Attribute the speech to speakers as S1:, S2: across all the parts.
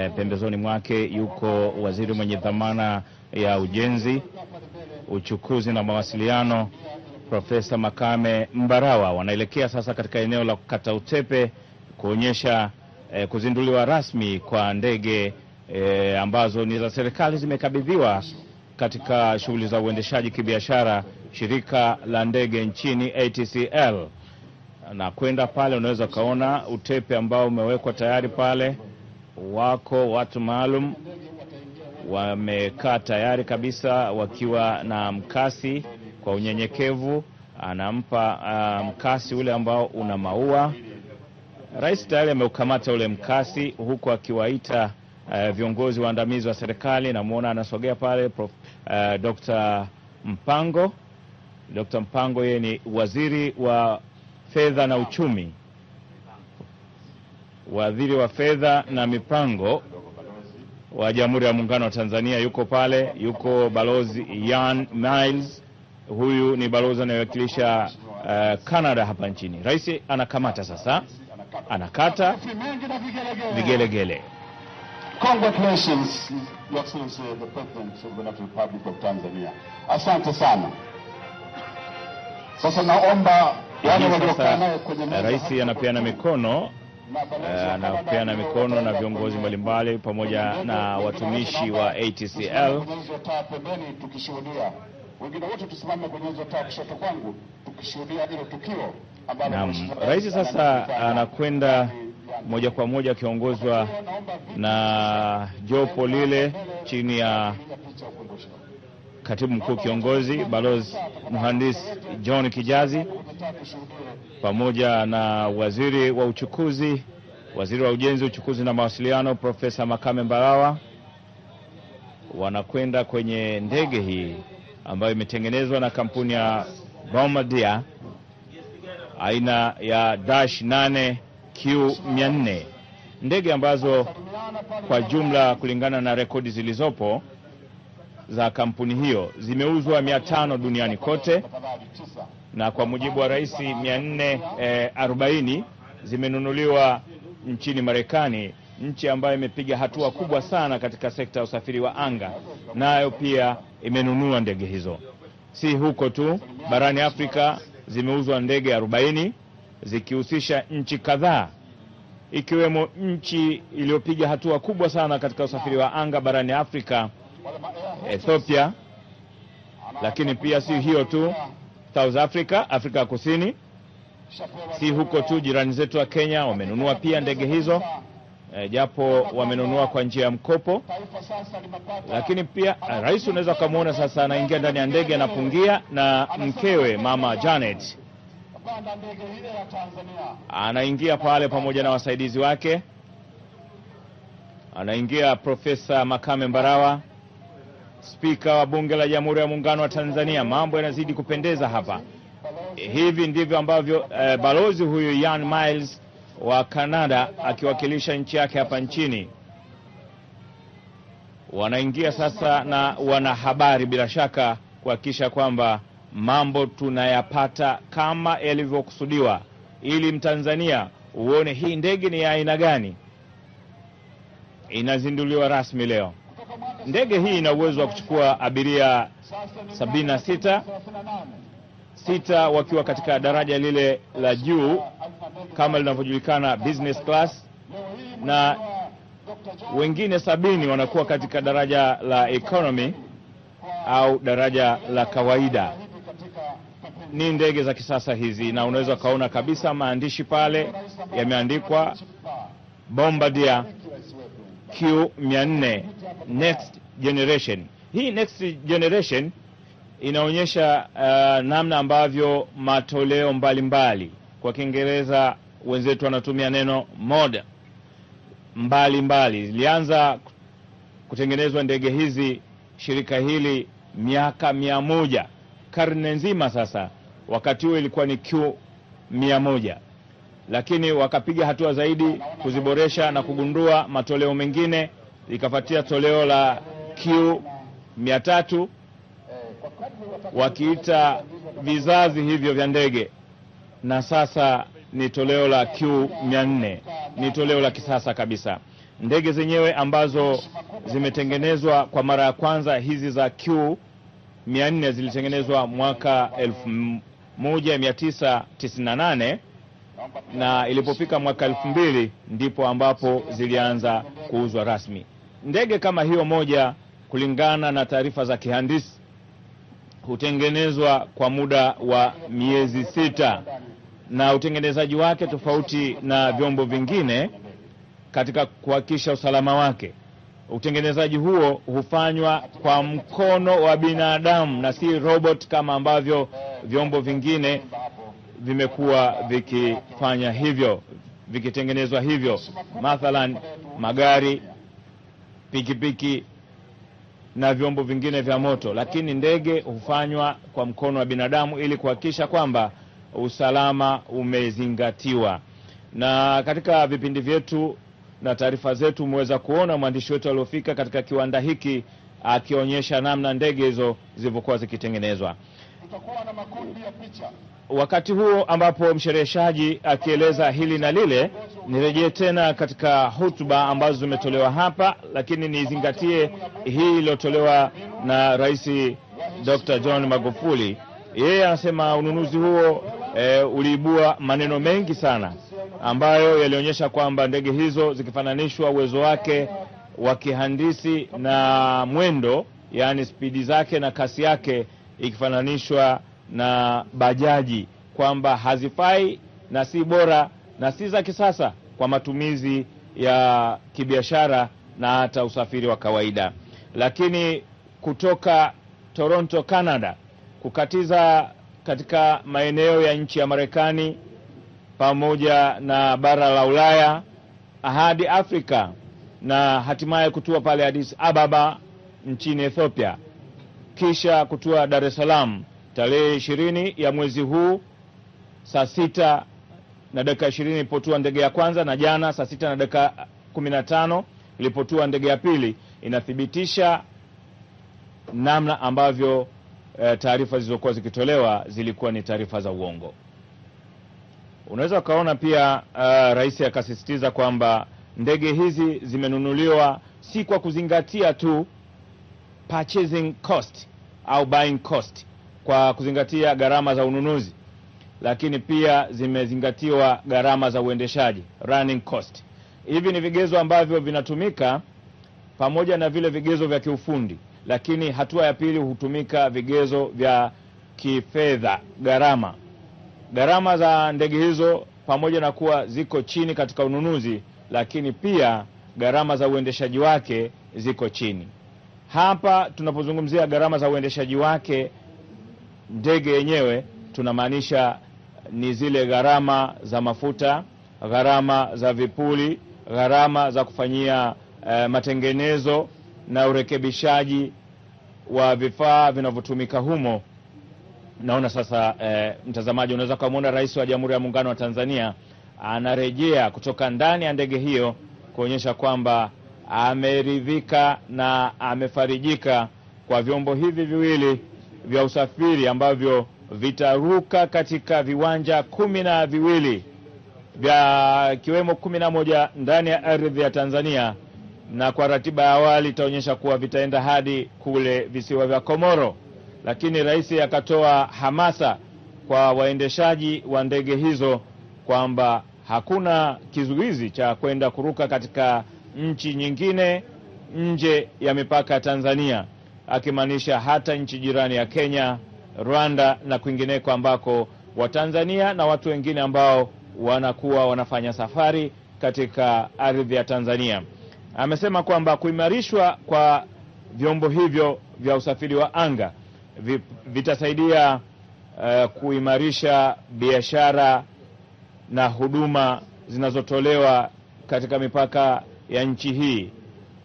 S1: Eh, pembezoni mwake yuko waziri mwenye dhamana ya ujenzi, uchukuzi na mawasiliano Profesa Makame Mbarawa. Wanaelekea sasa katika eneo la kukata utepe kuonyesha eh, kuzinduliwa rasmi kwa ndege eh, ambazo ni za serikali zimekabidhiwa katika shughuli za uendeshaji kibiashara shirika la ndege nchini ATCL. Na kwenda pale, unaweza ukaona utepe ambao umewekwa tayari pale wako watu maalum wamekaa tayari kabisa wakiwa na mkasi. Kwa unyenyekevu anampa uh, mkasi ule ambao una maua. Rais tayari ameukamata ule mkasi, huku akiwaita uh, viongozi waandamizi wa serikali. Namwona anasogea pale prof, uh, eh, Dr. Mpango. Dr. Mpango yeye ni waziri wa fedha na uchumi waziri wa fedha na mipango wa Jamhuri ya Muungano wa Tanzania yuko pale, yuko balozi Yan Miles. Huyu ni balozi anayewakilisha uh, Canada hapa nchini. Rais anakamata sasa, anakata vigelegele.
S2: Congratulations, Your Excellency, the President of the Republic of Tanzania. Asante sana. Sasa naomba
S1: wale waliokaa naye kwenye meza, rais anapeana mikono anapeana eh, eh, mikono na viongozi mbalimbali pamoja na watumishi wa ATCL. Naam, rais sasa anakwenda moja kwa moja akiongozwa na jopo lile chini ya katibu mkuu kiongozi balozi mhandisi John Kijazi pamoja na waziri wa uchukuzi, waziri wa ujenzi, uchukuzi na mawasiliano Profesa Makame Mbarawa wanakwenda kwenye ndege hii ambayo imetengenezwa na kampuni ya Bombardier aina ya Dash 8 Q400, ndege ambazo kwa jumla kulingana na rekodi zilizopo za kampuni hiyo zimeuzwa mia tano duniani kote, na kwa mujibu wa rais mia nne eh, arobaini zimenunuliwa nchini Marekani, nchi ambayo imepiga hatua kubwa sana katika sekta ya usafiri wa anga, nayo pia imenunua ndege hizo. Si huko tu, barani Afrika zimeuzwa ndege arobaini zikihusisha nchi kadhaa ikiwemo nchi iliyopiga hatua kubwa sana katika usafiri wa anga barani Afrika Ethiopia, lakini pia si hiyo tu, South Africa, Afrika ya Kusini, si huko tu. Jirani zetu wa Kenya wamenunua pia ndege hizo e, japo wamenunua kwa njia ya mkopo, lakini pia eh, rais unaweza ukamwona sasa anaingia ndani ya ndege, anapungia na mkewe Mama Janet anaingia pale pamoja na wasaidizi wake, anaingia Profesa Makame Mbarawa Spika wa Bunge la Jamhuri ya Muungano wa Tanzania, mambo yanazidi kupendeza hapa. Hivi ndivyo ambavyo eh, balozi huyu yan Miles wa Kanada akiwakilisha nchi yake hapa nchini wanaingia sasa na wanahabari, bila shaka kuhakikisha kwamba mambo tunayapata kama yalivyokusudiwa, ili Mtanzania uone hii ndege ni ya aina gani. Inazinduliwa rasmi leo. Ndege hii ina uwezo wa kuchukua abiria sabini na sita, sita wakiwa katika daraja lile la juu kama linavyojulikana business class, na wengine sabini wanakuwa katika daraja la economy au daraja la kawaida. Ni ndege za kisasa hizi, na unaweza ukaona kabisa maandishi pale yameandikwa Bombardier q 4 Next Generation. Hii Next Generation inaonyesha uh, namna ambavyo matoleo mbalimbali mbali. Kwa Kiingereza wenzetu wanatumia neno moda mbalimbali zilianza kutengenezwa ndege hizi, shirika hili miaka mia moja karne nzima sasa. Wakati huo ilikuwa ni Q mia moja, lakini wakapiga hatua zaidi kuziboresha na kugundua matoleo mengine ikafuatia toleo la Q 300 wakiita vizazi hivyo vya ndege, na sasa ni toleo la Q mia nne ni toleo la kisasa kabisa. Ndege zenyewe ambazo zimetengenezwa kwa mara ya kwanza hizi za Q 400 zilitengenezwa mwaka elfu moja na nane na ilipofika mwaka elfu mbili ndipo ambapo zilianza kuuzwa rasmi. Ndege kama hiyo moja, kulingana na taarifa za kihandisi, hutengenezwa kwa muda wa miezi sita, na utengenezaji wake tofauti na vyombo vingine katika kuhakikisha usalama wake. Utengenezaji huo hufanywa kwa mkono wa binadamu na si robot kama ambavyo vyombo vingine vimekuwa vikifanya hivyo, vikitengenezwa hivyo, mathalan magari pikipiki na vyombo vingine vya moto, lakini ndege hufanywa kwa mkono wa binadamu ili kuhakikisha kwamba usalama umezingatiwa. Na katika vipindi vyetu na taarifa zetu umeweza kuona mwandishi wetu aliofika katika kiwanda hiki akionyesha namna ndege hizo zilivyokuwa zikitengenezwa tutakuwa na makundi ya picha. Wakati huo ambapo mshereheshaji akieleza hili na lile, nirejee tena katika hotuba ambazo zimetolewa hapa, lakini nizingatie hii iliyotolewa na Rais Dr. John Magufuli. Yeye anasema ununuzi huo e, uliibua maneno mengi sana ambayo yalionyesha kwamba ndege hizo zikifananishwa uwezo wake wa kihandisi na mwendo, yaani spidi zake na kasi yake ikifananishwa na bajaji kwamba hazifai na si bora na si za kisasa kwa matumizi ya kibiashara na hata usafiri wa kawaida. Lakini kutoka Toronto, Canada, kukatiza katika maeneo ya nchi ya Marekani pamoja na bara la Ulaya hadi Afrika na hatimaye kutua pale Addis Ababa nchini Ethiopia kisha kutua Dar es Salaam tarehe ishirini ya mwezi huu saa sita na dakika ishirini ilipotua ndege ya kwanza, na jana saa sita na dakika kumi na tano ilipotua ndege ya pili. Inathibitisha namna ambavyo e, taarifa zilizokuwa zikitolewa zilikuwa ni taarifa za uongo. Unaweza ukaona pia uh, rais akasisitiza kwamba ndege hizi zimenunuliwa si kwa kuzingatia tu purchasing cost au buying cost kwa kuzingatia gharama za ununuzi, lakini pia zimezingatiwa gharama za uendeshaji running cost. Hivi ni vigezo ambavyo vinatumika pamoja na vile vigezo vya kiufundi, lakini hatua ya pili hutumika vigezo vya kifedha, gharama. Gharama za ndege hizo pamoja na kuwa ziko chini katika ununuzi, lakini pia gharama za uendeshaji wake ziko chini. Hapa tunapozungumzia gharama za uendeshaji wake ndege yenyewe, tunamaanisha ni zile gharama za mafuta, gharama za vipuli, gharama za kufanyia eh, matengenezo na urekebishaji wa vifaa vinavyotumika humo. Naona sasa eh, mtazamaji, unaweza ukamwona Rais wa Jamhuri ya Muungano wa Tanzania anarejea kutoka ndani ya ndege hiyo kuonyesha kwamba ameridhika na amefarijika kwa vyombo hivi viwili vya usafiri ambavyo vitaruka katika viwanja kumi na viwili vya kiwemo kumi na moja ndani ya ardhi ya Tanzania, na kwa ratiba ya awali itaonyesha kuwa vitaenda hadi kule visiwa vya Komoro, lakini rais akatoa hamasa kwa waendeshaji wa ndege hizo kwamba hakuna kizuizi cha kwenda kuruka katika nchi nyingine nje ya mipaka ya Tanzania, akimaanisha hata nchi jirani ya Kenya, Rwanda na kwingineko ambako Watanzania na watu wengine ambao wanakuwa wanafanya safari katika ardhi ya Tanzania. Amesema kwamba kuimarishwa kwa vyombo hivyo vya usafiri wa anga vitasaidia uh, kuimarisha biashara na huduma zinazotolewa katika mipaka ya nchi hii,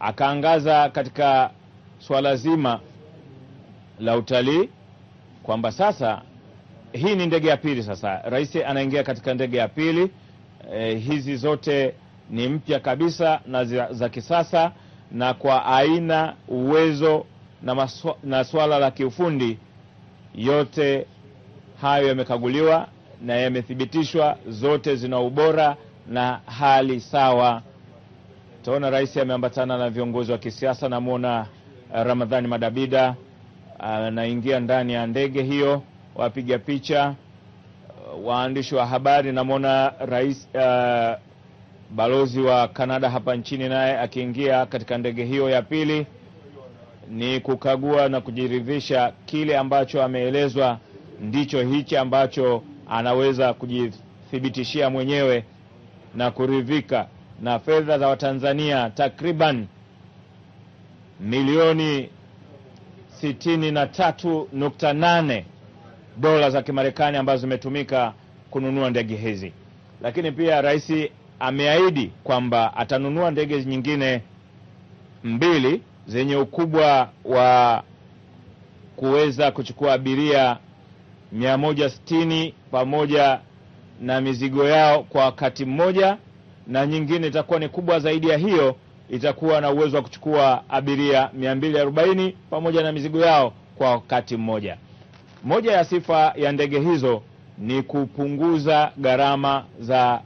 S1: akaangaza katika swala zima la utalii kwamba sasa hii ni ndege ya pili. Sasa rais anaingia katika ndege ya pili. E, hizi zote ni mpya kabisa na za, za kisasa na kwa aina, uwezo na, maswa, na swala la kiufundi. Yote hayo yamekaguliwa na yamethibitishwa, zote zina ubora na hali sawa. Utaona rais ameambatana na viongozi wa kisiasa. Namwona eh, Ramadhani Madabida eh, anaingia ndani ya ndege hiyo, wapiga picha, eh, waandishi wa habari. Namwona rais uh, balozi wa Kanada hapa nchini naye akiingia katika ndege hiyo ya pili. Ni kukagua na kujiridhisha kile ambacho ameelezwa ndicho hichi ambacho anaweza kujithibitishia mwenyewe na kuridhika na fedha za Watanzania takriban milioni 63.8 dola za Kimarekani ambazo zimetumika kununua ndege hizi, lakini pia rais ameahidi kwamba atanunua ndege nyingine mbili zenye ukubwa wa kuweza kuchukua abiria 160 pamoja na mizigo yao kwa wakati mmoja na nyingine itakuwa ni kubwa zaidi ya hiyo, itakuwa na uwezo wa kuchukua abiria 240 pamoja na mizigo yao kwa wakati mmoja. Moja ya sifa ya ndege hizo ni kupunguza gharama za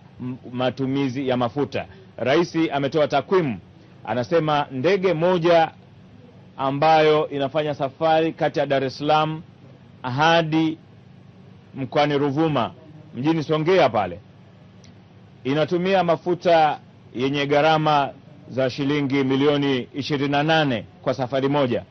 S1: matumizi ya mafuta. Rais ametoa takwimu, anasema ndege moja ambayo inafanya safari kati ya Dar es Salaam hadi mkoani Ruvuma mjini Songea pale inatumia mafuta yenye gharama za shilingi milioni 28 kwa safari moja,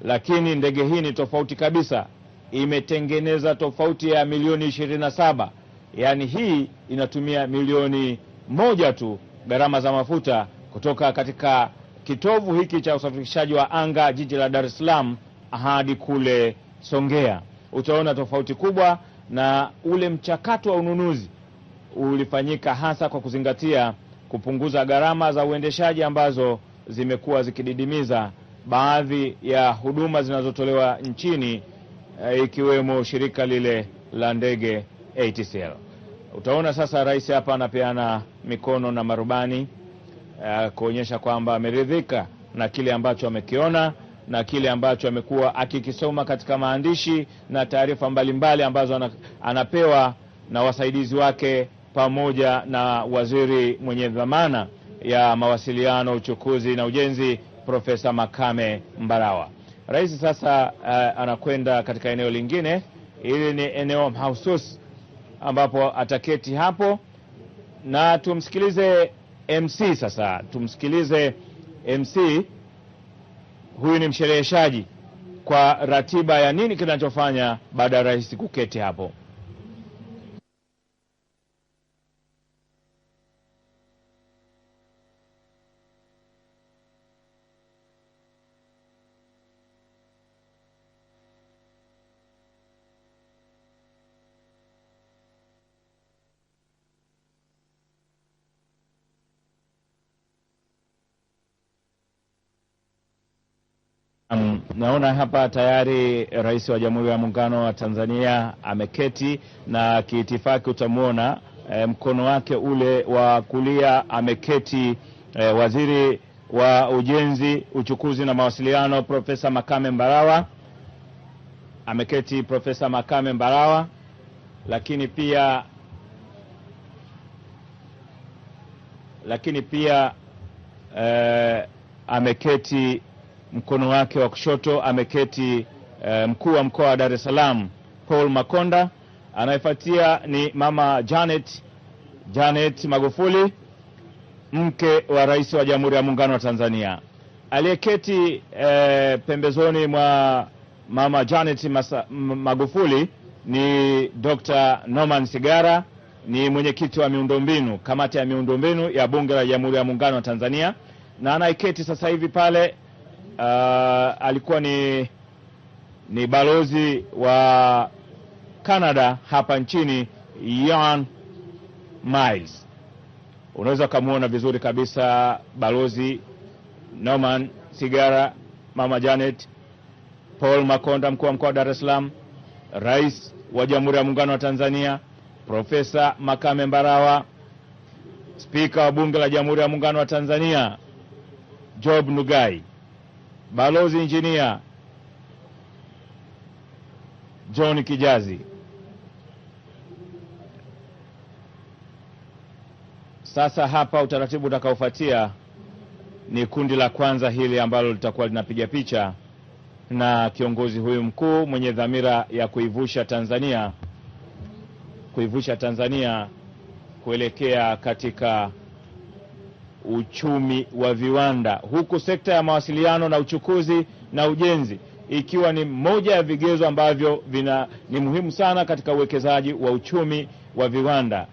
S1: lakini ndege hii ni tofauti kabisa, imetengeneza tofauti ya milioni 27. Yaani hii inatumia milioni moja tu gharama za mafuta kutoka katika kitovu hiki cha usafirishaji wa anga jiji la Dar es Salaam hadi kule Songea. Utaona tofauti kubwa, na ule mchakato wa ununuzi ulifanyika hasa kwa kuzingatia kupunguza gharama za uendeshaji ambazo zimekuwa zikididimiza baadhi ya huduma zinazotolewa nchini e, ikiwemo shirika lile la ndege ATCL. Utaona sasa rais hapa anapeana mikono na marubani e, kuonyesha kwamba ameridhika na kile ambacho amekiona na kile ambacho amekuwa akikisoma katika maandishi na taarifa mbalimbali ambazo anapewa na wasaidizi wake pamoja na waziri mwenye dhamana ya mawasiliano, uchukuzi na ujenzi, Profesa Makame Mbarawa. Rais sasa uh, anakwenda katika eneo lingine. Hili ni eneo mahususi ambapo ataketi hapo na tumsikilize MC sasa, tumsikilize MC. Huyu ni mshereheshaji kwa ratiba ya nini kinachofanya baada ya rais kuketi hapo. Um, naona hapa tayari Rais wa Jamhuri ya Muungano wa Tanzania ameketi na kiitifaki utamwona e, eh, mkono wake ule wa kulia ameketi e, Waziri wa Ujenzi, Uchukuzi na Mawasiliano Profesa Makame Mbarawa ameketi Profesa Makame Mbarawa, lakini pia lakini pia e, ameketi mkono wake wa kushoto ameketi eh, mkuu wa mkoa wa Dar es Salaam Paul Makonda, anayefuatia ni mama Janet Janet Magufuli, mke wa rais wa Jamhuri ya Muungano wa Tanzania. Aliyeketi eh, pembezoni mwa mama Janet Masa, Magufuli ni Dr. Norman Sigara, ni mwenyekiti wa miundombinu, kamati ya miundombinu ya Bunge la Jamhuri ya Muungano wa Tanzania, na anayeketi sasa hivi pale uh, alikuwa ni, ni balozi wa Canada hapa nchini Jan Miles. Unaweza ukamwona vizuri kabisa balozi Norman Sigara, mama Janet, Paul Makonda, mkuu wa mkoa wa Dar es Salaam, rais wa Jamhuri ya Muungano wa Tanzania Profesa Makame Mbarawa, spika wa Bunge la Jamhuri ya Muungano wa Tanzania Job Ndugai. Balozi Injinia John Kijazi. Sasa hapa utaratibu utakaofuatia ni kundi la kwanza hili ambalo litakuwa linapiga picha na kiongozi huyu mkuu mwenye dhamira ya kuivusha Tanzania kuivusha Tanzania kuelekea katika uchumi wa viwanda, huku sekta ya mawasiliano na uchukuzi na ujenzi ikiwa ni moja ya vigezo ambavyo vina, ni muhimu sana katika uwekezaji wa uchumi wa viwanda.